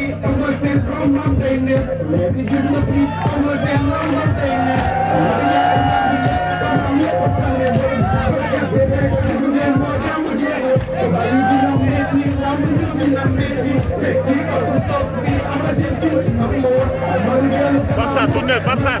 fii Eumeu Sène rombam day neex di gis nga fii Eumeu Sène rombam day neex Pape Sarr tournel Pape Sarr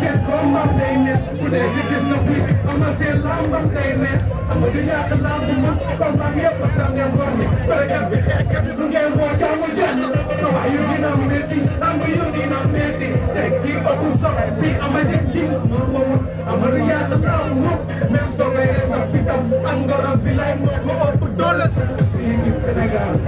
seen rombam day nekk ku nekk gis na fi ama seen lambam day nekk ama du ñàkk lamb man combat yëpp sax ngeen war ni barakas bi xeexkat du ngeen boo jaamu jenn wax yu dina metti lamb yu dina metti teg ci ëpp solo fi ama jëg ki moom moom ama du yàgg lamb moom même solo rek na fi tam am ngoram bi lay moo ko ëpp doole Sénégal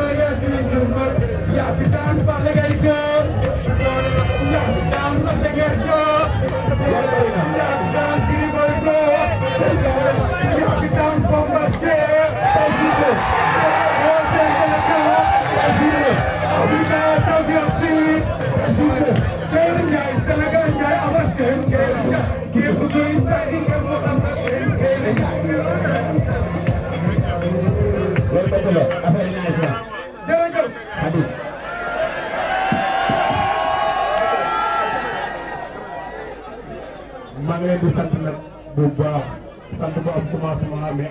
ngi leen di bu baax que maa ngi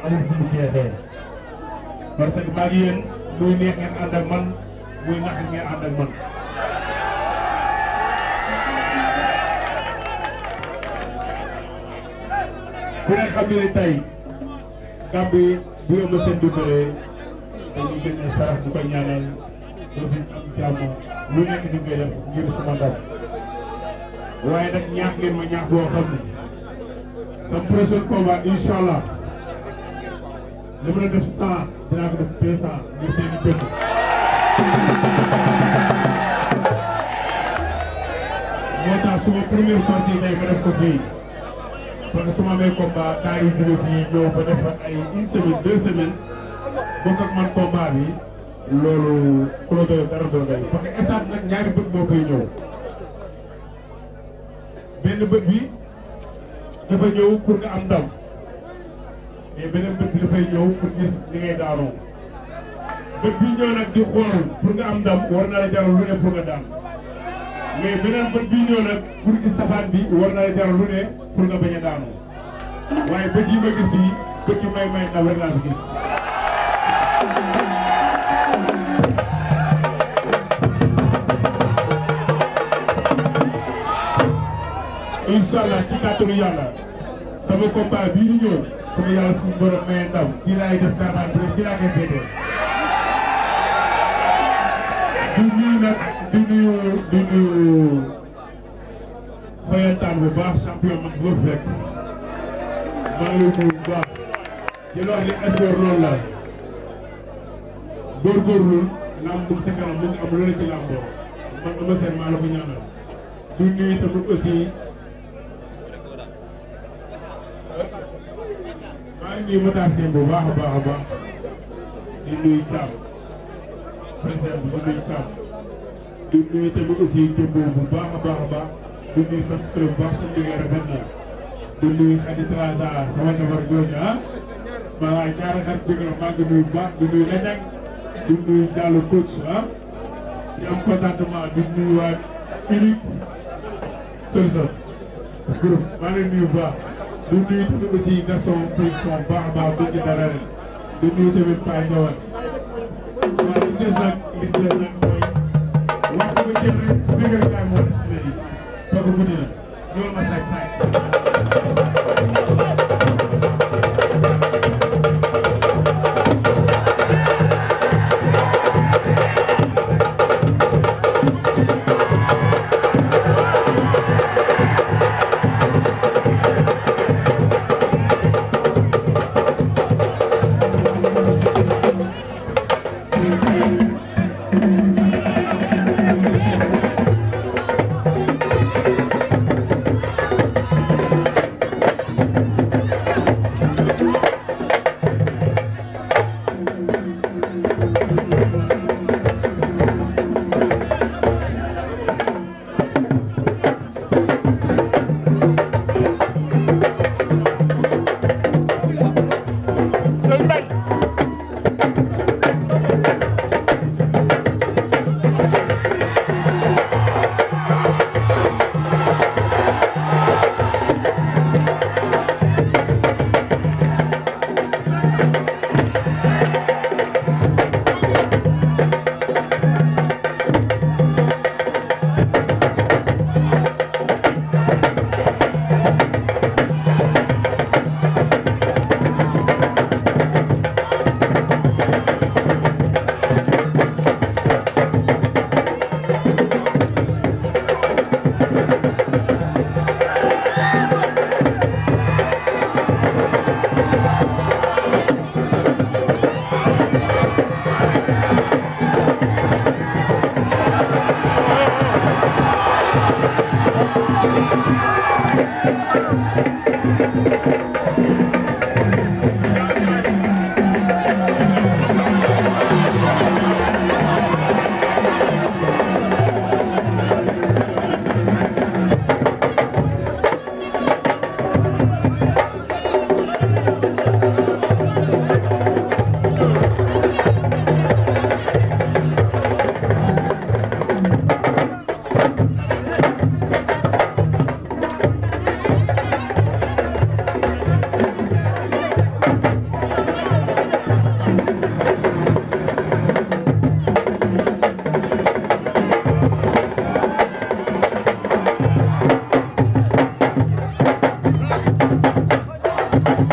yéen xam ne tey gàmb yi bu yomb seen bi bëree dañuy génne sarax bu koy ñaanal doo am jàmm lu nekk ñu ngi ngir suma ndam waaye nag ñaax ngeen ma ñaax boo xam sa prochain combat incha li ma la def cent dinaa ko def deux cent ngir seen i dëkk. moo tax suma première sortie tey ma def ko fii parce que su ma amee combat daa yu jóge fii ñëw ba def ay une semaine deux semaines bokk ak man combat bi loolu clôture dara doon day parce que instant nag ñaari bët moo koy ñëw benn bët bi. dafa ñëw nga am ndam mais beneen bët bi dafay ñëw pour di am ndam war na la jaral lu ne pour nga daan mais beneen bët bi ñëw nag safaan bi war na la jaral lu ne pour nga bañ a daanoo waaye bët yi ma gis may may ndam rek laa fi gis. incha allah ci kàttanu yàlla sama combat bii di ñëw sama yàlla suñu borom maye ndaw kii laay def daataan bi kii laa koy féetee. di nag di nuyu di nuyu bu baax champion mag bu fekk maa ngi nuyu bu baax di wax li espoir loolu la góorgóorlu lamb bu sa mu ngi am lu la làmboo man Eumeu Sène maa la ko ñaanal di aussi. ngi Matar Sène bu baax a baax a baax di nuyu Thiam di nuyu Thiam di nuyu bu baax a baax a baax di nuyu fan si bu baax seen liggéey rafet na di nuyu Khady Trasa sama jabar jooju ah voilà ñaari xarit dëgg la maa ngi nuyu bu baax di nuyu Leneg di nuyu Diallo coach ah di am contentement di nuyu waa Philippe Sow Sow maa ngi baax. du nuyu tamit aussi Gaston production baax a baax bëgg dara ren du nuyu tamit Paye Ndawal waaw li des nag li des nag mooy waxtu bi jëm rek bëgg rek laay moo des ci léegi kooku guddi na loolu ma saaj saaj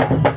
Thank you.